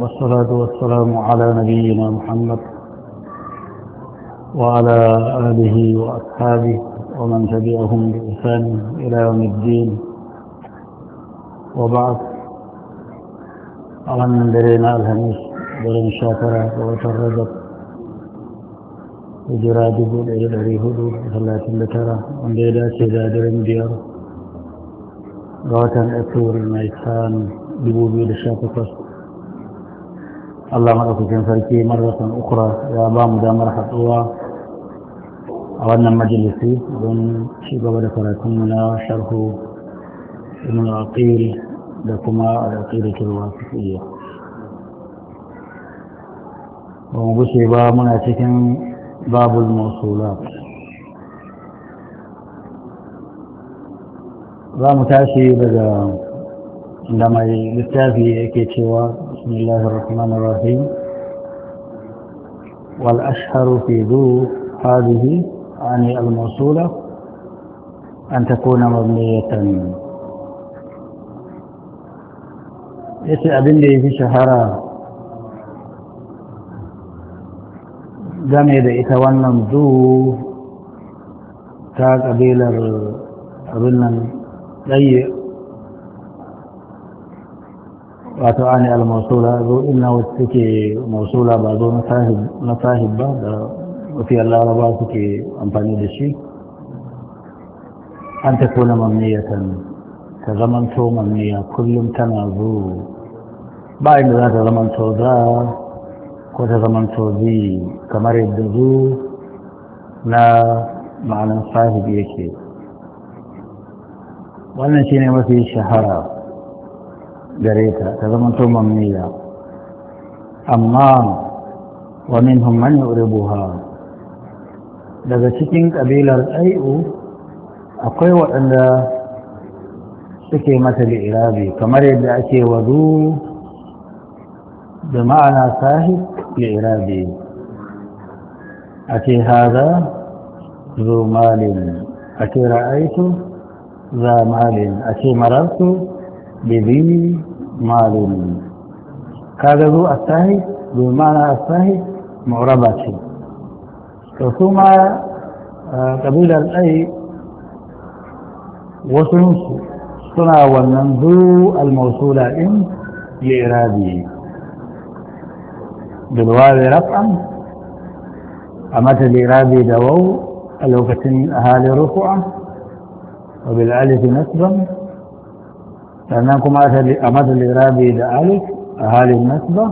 والصلاة والسلام على نبينا محمد وعلى آله وأصحابه ومن تبعهم بإحسان إلى يوم الدين وبعد أمن درينا الهميس درين شاكرة وترجت وجراد يقول إلى الأري هدو صلاة بكرة ونديدا سيدا درين ديار غاتا أكتور الميسان ببوبي لشاكرة Allah maɗaukakin sarki Marasa ukura ya ba mu damar haɗuwa a wannan majalisi don ci gaba da karatunmu na sharhu ibn aqil da kuma al'aqida kirwa fiye ba mu gushe ba muna cikin babul mausulat za mu tashi daga da mai littafi yake cewa بسم الله الرحمن الرحيم والأشهر في ذو هذه عن يعني الموصولة أن تكون مبنية يسي أبني في شهرة جميع إتوانا ذو تاك أبيل أبنا أي wato ani al-mausula zo inna mausula ba zo na sahib ba da mafiyar laraba suke amfani da shi an ta kuna mamniyatan ta zamanto mamniya kullum tana zo ba inda za ta zamanto za ko ta zamanto zi kamar yadda zu na ma'anar sahib yake wannan shine mafi shahara gare ta ta zama to mamniya amma wa minhum man yuribuha daga cikin kabilar ai'u akwai waɗanda suke mata li'irabi kamar yadda ake wadu da ma'ana sahib li'irabi ake hada zo malin ake ra'aitu za malin ake mararsu bibi معلوم كذا ذو الثاهي بمعنى الثاهي معربات ثم آه، قبيل الأي وسنس صنع والنمذو الموصول إن لإرادية بالواب رفعا أمت الإرادي دوو الوقت أهالي رفعا وبالعالي نسبا sannan kuma a mata lirabi da alif a halin nasba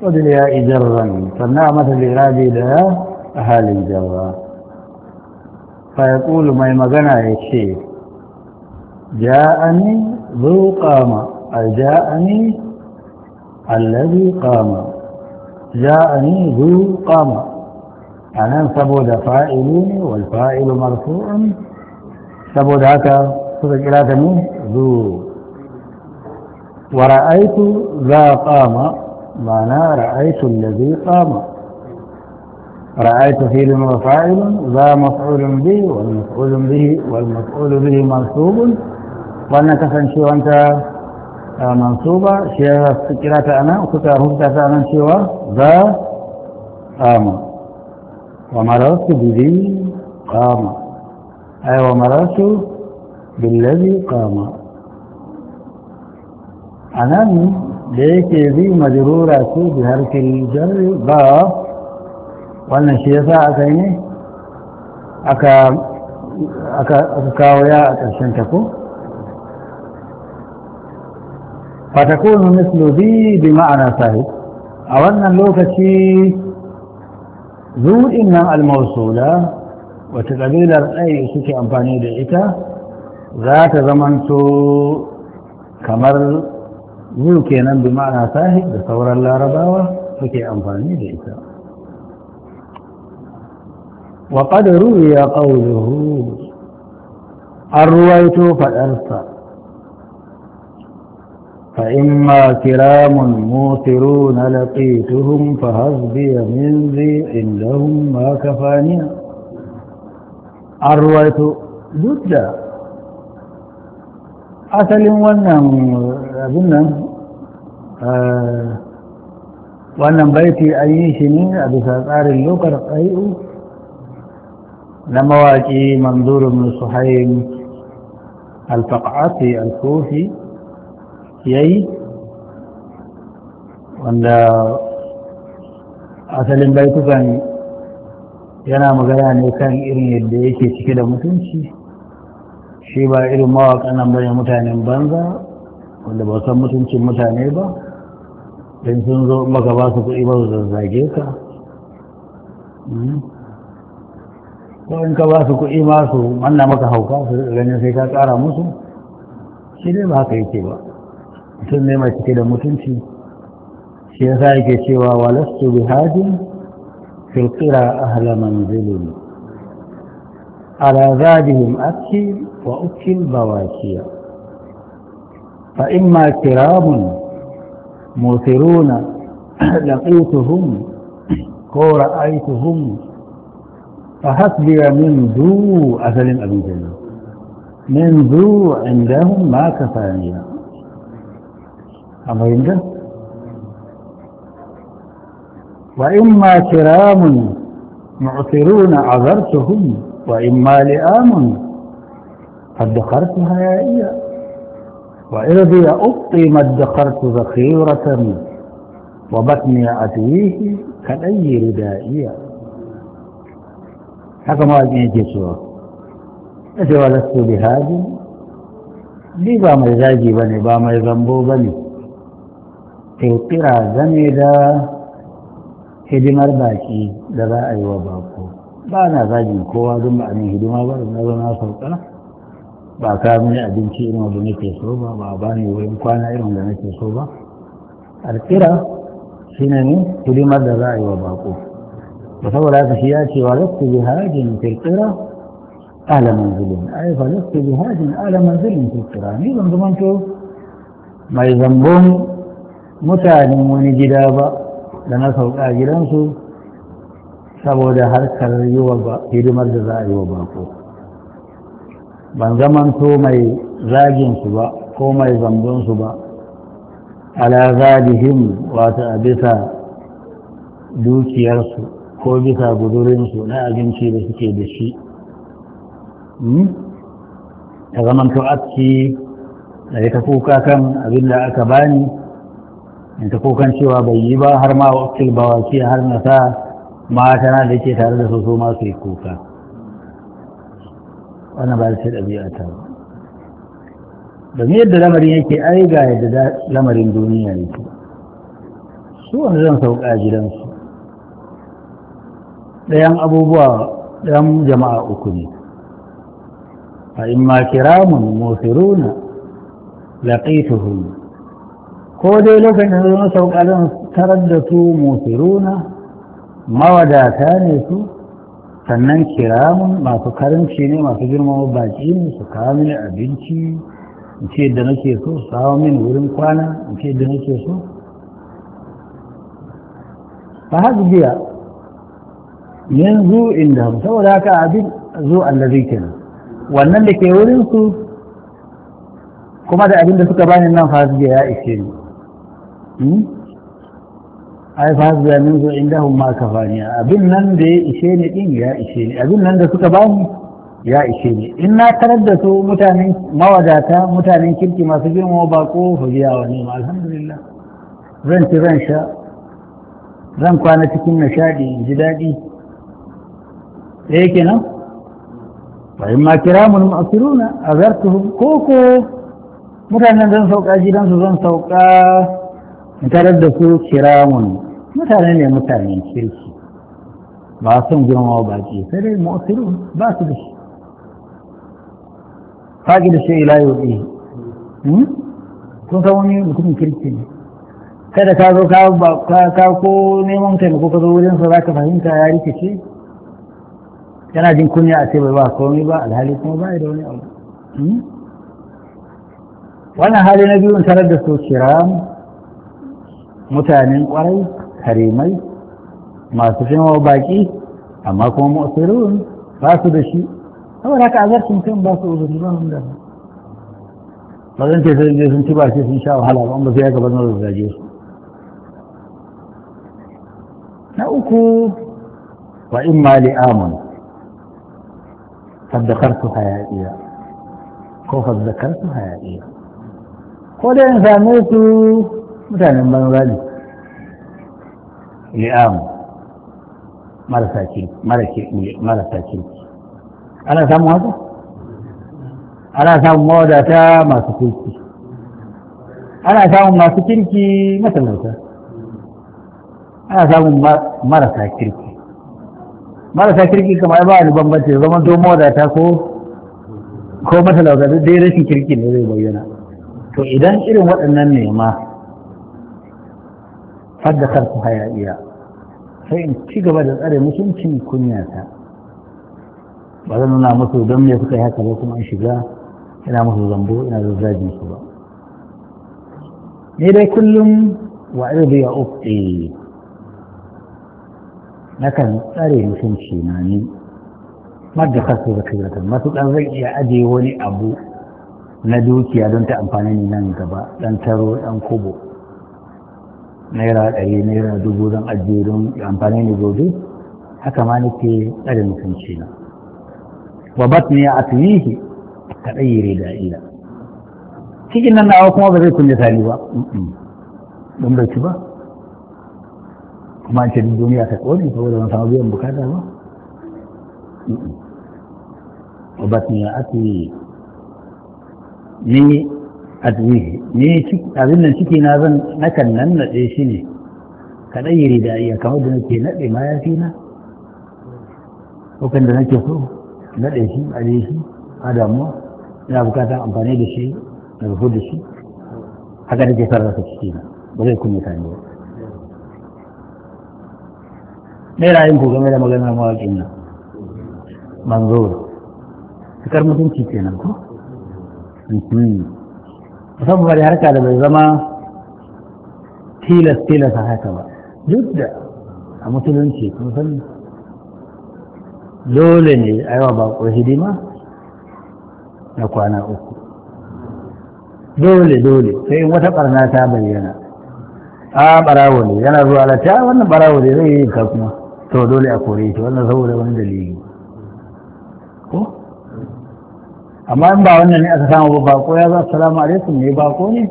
Wajen ya ijarran sannan a mata lirabi da ya a halin jarra fa ya ƙulu mai magana ya ce ja'ani zo ƙama a ja'ani allazi ƙama ja'ani zo ƙama a nan saboda fa'ilu ne wal fa'ilu marfu'un saboda haka تخرج إلى ta ذو ورأيت ذا قام za رأيت الذي قام رأيت فيه وفاعل ذا مفعول به والمفعول به والمفعول به منصوب وأنك كفن وانت آه، منصوبة شيء فكرة انا وكتا هفتة انا شي ذا قام ومررت بذي قام اي ومررت billazi qama anan da yake bi majrura ce bi harfin jar ba wannan shi yasa aka yi aka aka kawo ya a ƙarshen ta ko fatakunu mislu bi bi ma'ana sahib a wannan lokaci zuɗin nan almausula wata ƙabilar ɗaya suke amfani da ita za ta zamanto kamar yau kenan bi ma'ana sahi da sauran larabawa suke amfani da ita wa ƙadaru ya ƙauluhu an ruwaito faɗarsa fa in ma kiramun motiru na laƙi tuhun fa hasbi ya inda ma an ruwaito duk da asalin wannan abin nan eh, wannan baiti an yi shi ne a bisa tsarin lokar na mawaƙi manzurin suhaim alfaƙa'afi alkofi ya yi wanda asalin baitukan yana magana ne kan irin yadda yake cike da mutunci shi ba irin mawaƙa nan bane mutanen banza wanda ba san mutuncin mutane ba don sun zo maka ba su kuɗi ba su zazzage ka hmm? ko in ka ba su kuɗi ma su manna maka hauka su ganin sai ka ƙara musu shi ne ba haka yake ba mutum ne mai cike da mutunci shi yasa yake cewa walastu bihajin filkira ahla manzilin على زادهم أبكي وأبكي البواكي فإما كرام موثرون لقيتهم ورأيتهم فحسبي من ذو أثل أبي جنة من ذو عندهم ما كفاني أما عنده وإما كرام معثرون عذرتهم وإما لآم فادخرت هيائيا وإرضي أبطي ما ادخرت ذخيرة وبطني أتيه كالأي ردائيا حكما أجيني جسوا أجي ولست بهذه لي بام يزاجي بني بام يزنبو بني في القرى زميدا في دمر باكي دبا أيوة ba na zagin kowa zan ba a min hidima ba na zo na ba ka mini abinci irin wanda nake so ba ba ba bani wurin kwana irin da nake so ba alƙira shi ne ne hidimar da za a yi wa baƙo da saboda haka shi ya ce wa lafi bi hajin firƙira ala manzilin ai fa lafi bi hajin ala manzilin firƙira ni ban to mai zambon mutanen wani gida ba da na sauka gidansu saboda harkar yi wa hidimar da za a yi wa bako ban zamanto mai zaginsu ba ko mai su ba ala zalihim wata a bisa dukiyarsu ko bisa gudurinsu na abinci da suke da shi ta hmm? to aski da ya ta kuka kan abin da aka bani in ta kukan cewa bai yi ba har ma wakil bawaki har na sa mata na da yake tare da su su ma su yi kuka wannan ba ce ɗabi'a ta ba ni yadda lamarin yake ai ga yadda lamarin duniya yake su wani zan sauka gidansu ɗayan abubuwa ɗan jama'a uku ne a in ma kiramun mafiruna laƙaituhu ko dai lokacin zama sauka zan tarar da su mafiruna mawadata ne su sannan kiramun masu karanci ne masu girmama baki ne su kawo mini abinci in ce da nake so su kawo mini wurin kwana in ce da nake so haɗu hasbiya yanzu inda saboda haka abin zo allazi kenan wannan da ke wurin su kuma da abin da suka bani nan fa ya ishe ni hmm? ai fa zuwa min zo inda hun ma kafaniya abin nan da ya ishe ni din ya ishe ni abin nan da suka bani ya ishe ni in na tarar da su mutanen mawadata mutanen kirki masu girma ba ko hujiya wa nema alhamdulillah zan ci zan sha zan kwana cikin nishadi in ji daɗi ɗaya eh, kenan fa in ma kiramun ma'asiruna azartuhum koko mutanen zan sauka gidansu zan sauka tarar da su kiramun mutane ne mutane kirki ba son girma ba ce sai dai ma'asiru ba su da shi faƙi da shi ila yau ɗi hmm? kun san wani mutumin kirki ne kada ka zo ka ko neman taimako ka zo wurin sa zaka fahimta ya rikice yana jin kunya a ce bai ba komai ba alhali kuma ba da wani abu hmm? wannan hali na biyun tarar da su kiram mutanen kwarai karimai masu shima baki amma kuma mu'asirun ba su da shi saboda haka azarcin kan ba su uzuri ba mun da ba zan ce sai sun ci ba shi sun sha wahala ba ba sai ya gaban da zage su na uku wa in ma li'amun faddakartu hayaƙiya ko faddakartu hayaƙiya ko da in same su mutanen banza ne li'am marasa kirki marasa kirki ana samun haka ana samun mawadata masu kirki ana samun masu kirki matalauta ana samun marasa kirki marasa kirki kamar ba wani bambanci zama to mawadata ko ko matalauta duk dai rashin kirki ne zai bayyana to idan irin waɗannan ne ma har da hayaƙiya sai in ci gaba da tsare mutuncin kunyata ba zan nuna musu don me kuka yi haka ba kuma in shiga ina musu zambo ina zazzagin su ba ni dai kullum wa irbi ya uqti nakan tsare mutunci na ni madda kasu da kiratan matuƙar zan iya ajiye wani abu na dukiya don ta amfani ni nan gaba ɗan taro ɗan kobo naira ɗari naira dubu zan ajiye don amfani ne gobe haka ma nake tsare mutunci na wa ne a tuyihi ka ɗayyare da ila cikin nan nawa kuma ba zai kunje tali ba don bai ci ba kuma an ce duniya ta kone ko ban samu biyan bukata ba wa ne a tuyihi ni adwihi ni abin nan ciki na zan nakan nan naɗe shi ne kaɗan yi rida iya kamar da nake naɗe ma ya fi na ɗaukan da nake so naɗe shi a ne shi a damuwa ina bukatar amfani da shi na rufu da shi haka nake sarrafa ciki na ba zai kunne ta ne ba me ra'ayin ku game da maganar mawaƙin nan manzo cikar mutunci kenan ko hmm. musamman da harka da bai zama tilas tilas a haka ba duk da a musulunci kun san dole ne a yawa bako hidima na kwana uku dole dole sai wata barna ta bayyana a barawo ne yana zuwa lata wannan barawo ne zai yi ka kuma to dole a kore shi wannan saboda wani dalili ko amma in ba wannan ne aka samu ba bako ya za salamu alaikum ne bako ne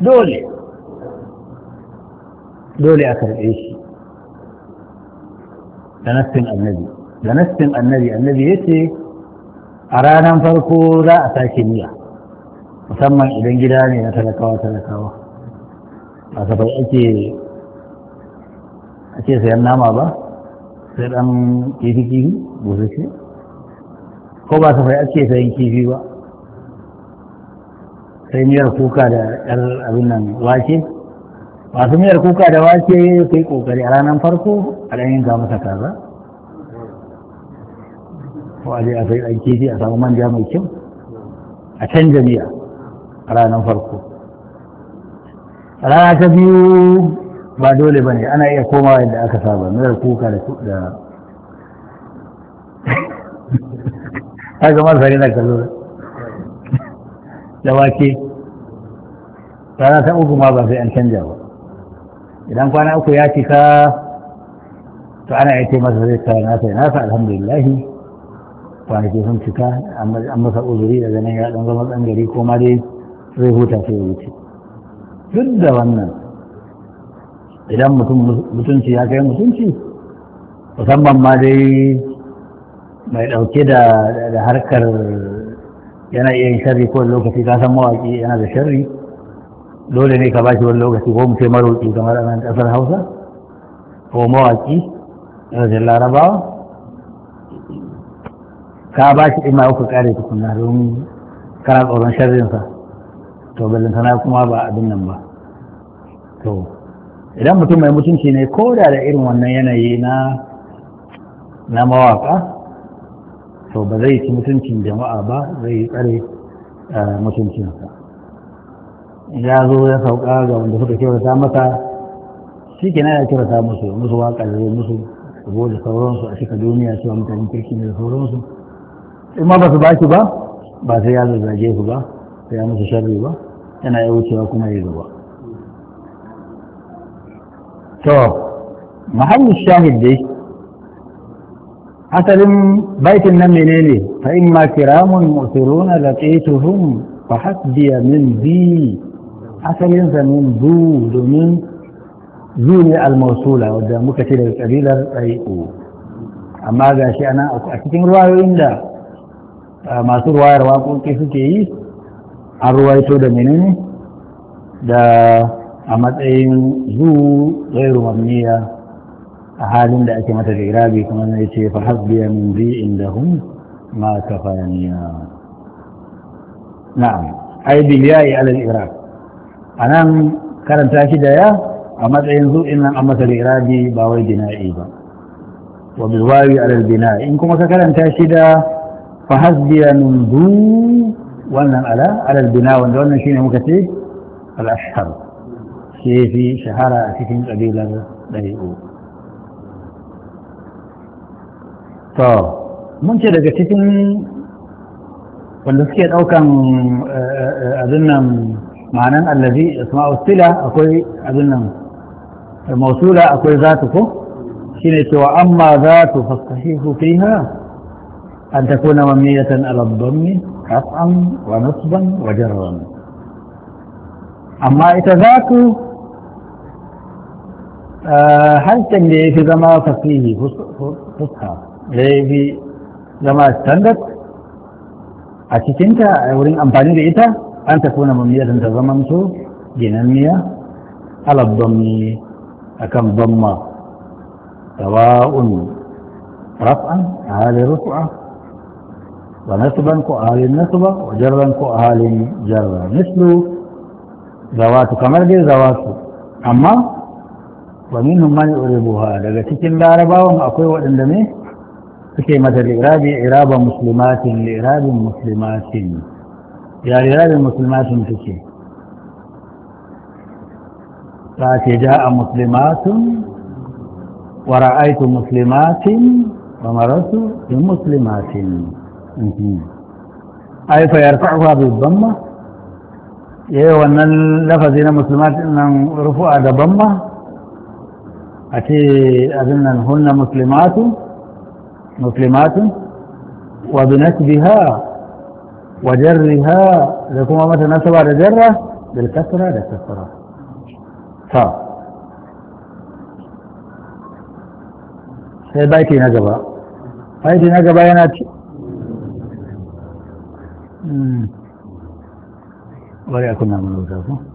dole dole a karɓe shi da nassin annabi da nassin annabi annabi ya ce a ranar farko za a sake miya musamman idan gida ne na talakawa talakawa ba safai ake ake sayan nama ba sai ɗan kifi kifi busasshe ko ba su safai ake sayan kifi ba sai miyar kuka da yar abin nan wake masu miyar kuka da wake kai kokari a ranar farko a ɗan yanka masa kaza ko a je a sai ɗan kifi a samu manja mai kyau a canja miya a ranar farko rana ta biyu ba dole ba ne ana iya komawa yadda aka saba miyar kuka da har zama sare na kallo da wake rana ta uku ma ba sai an canja ba idan kwana uku ya cika to ana ya masa zai kawo nasa nasa alhamdulillahi kwanaki sun cika an masa uzuri daga nan ya dan zama gari ko ma dai zai huta sai ya wuce duk da wannan idan mutum mutunci ya kai mutunci musamman ma dai mai ɗauke da harkar yana iya sharri ko lokaci ka san mawaƙi yana da sharri dole ne ka bashi wani lokaci ko mu maroƙi kamar a nan ƙasar hausa ko mawaƙi yanzu larabawa ka ba shi ɗima uku ƙare tukuna don kana tsoron sharrinsa to ballantana kuma ba abin nan ba to idan mutum mai mutunci ne ko da da irin wannan yanayi na na mawaƙa to ba zai ci mutuncin jama'a ba zai tsare eh, mutuncinsa ya zo ya sauka ga wanda suka kyautata masa shi ke ya kyautata musu musu waka da zai musu rabo da sauransu a cika duniya cewa mutanen kirki ne da sauransu in ma ba su ba ba ba sai ya zazzage su ba sai ya musu sharri ba yana ya wucewa kuma ya zuba. to mahallin shahid dai asalin baitin nan menene fa in ma kiramun musuluna laqituhum fa hasbiya min bi asalin sa du domin zu ne al-mawsula wanda muka ce daga kabilar ko amma ga shi ana a cikin ruwayoyin da masu ruwayar waƙoƙi suke yi an ruwaito da menene da a matsayin zu zai rumamniya a halin da ake mata irabi kuma na ce fa hasbiya min bi indahum ma kafaniya na'am ai bi yayi alal iraq anan karanta shi da ya a matsayin in nan an da irabi ba wai dina'i ba wa bi wawi alal bina'i in kuma ka karanta shi da fa hasbiya min du wannan ala alal bina wanda wannan shine muka ce al ashhar shi fi shahara a cikin kabilar ɗari'u to mun ce daga cikin wanda suke ɗaukan abin nan ma'anan allazi isma'u sila akwai abin nan mausula akwai zatu ko shine cewa amma zatu fastahihu fiha an takuna mamniyatan ala dhammi qat'an wa nasban wa jarran amma ita zatu harshen da ya fi zama fasihi fuska da ya bi zama standard a cikinta a wurin amfani da ita an ta kuna mamiyar ta zama so ginanniya mi a kan zamma sawa'un raf'an a halin rufu'a wa nasuban ko a halin nasuba wa jarran ko a halin jarra mislu zawatu kamar dai zawatu amma wa minhum man yuribuha daga cikin larabawan akwai waɗanda ne suke mata lirabi iraba musulmatin lirabin musulmatin ya lirabin musulmatin suke ta ce ja a musulmatin wa ra'aitu musulmatin wa marasu in ya rufa fa yarfa'uha ma ya yi wannan lafazi na musulmatin nan a da ma a ce abin nan hunna musulmatin. مسلمات وبنسبها وجرها لكم ومتى نسبة لجرة بالكسرة لكسرة ف هي بايتي نجبة بايتي نجبة ينات ورئكم من المنوزاكم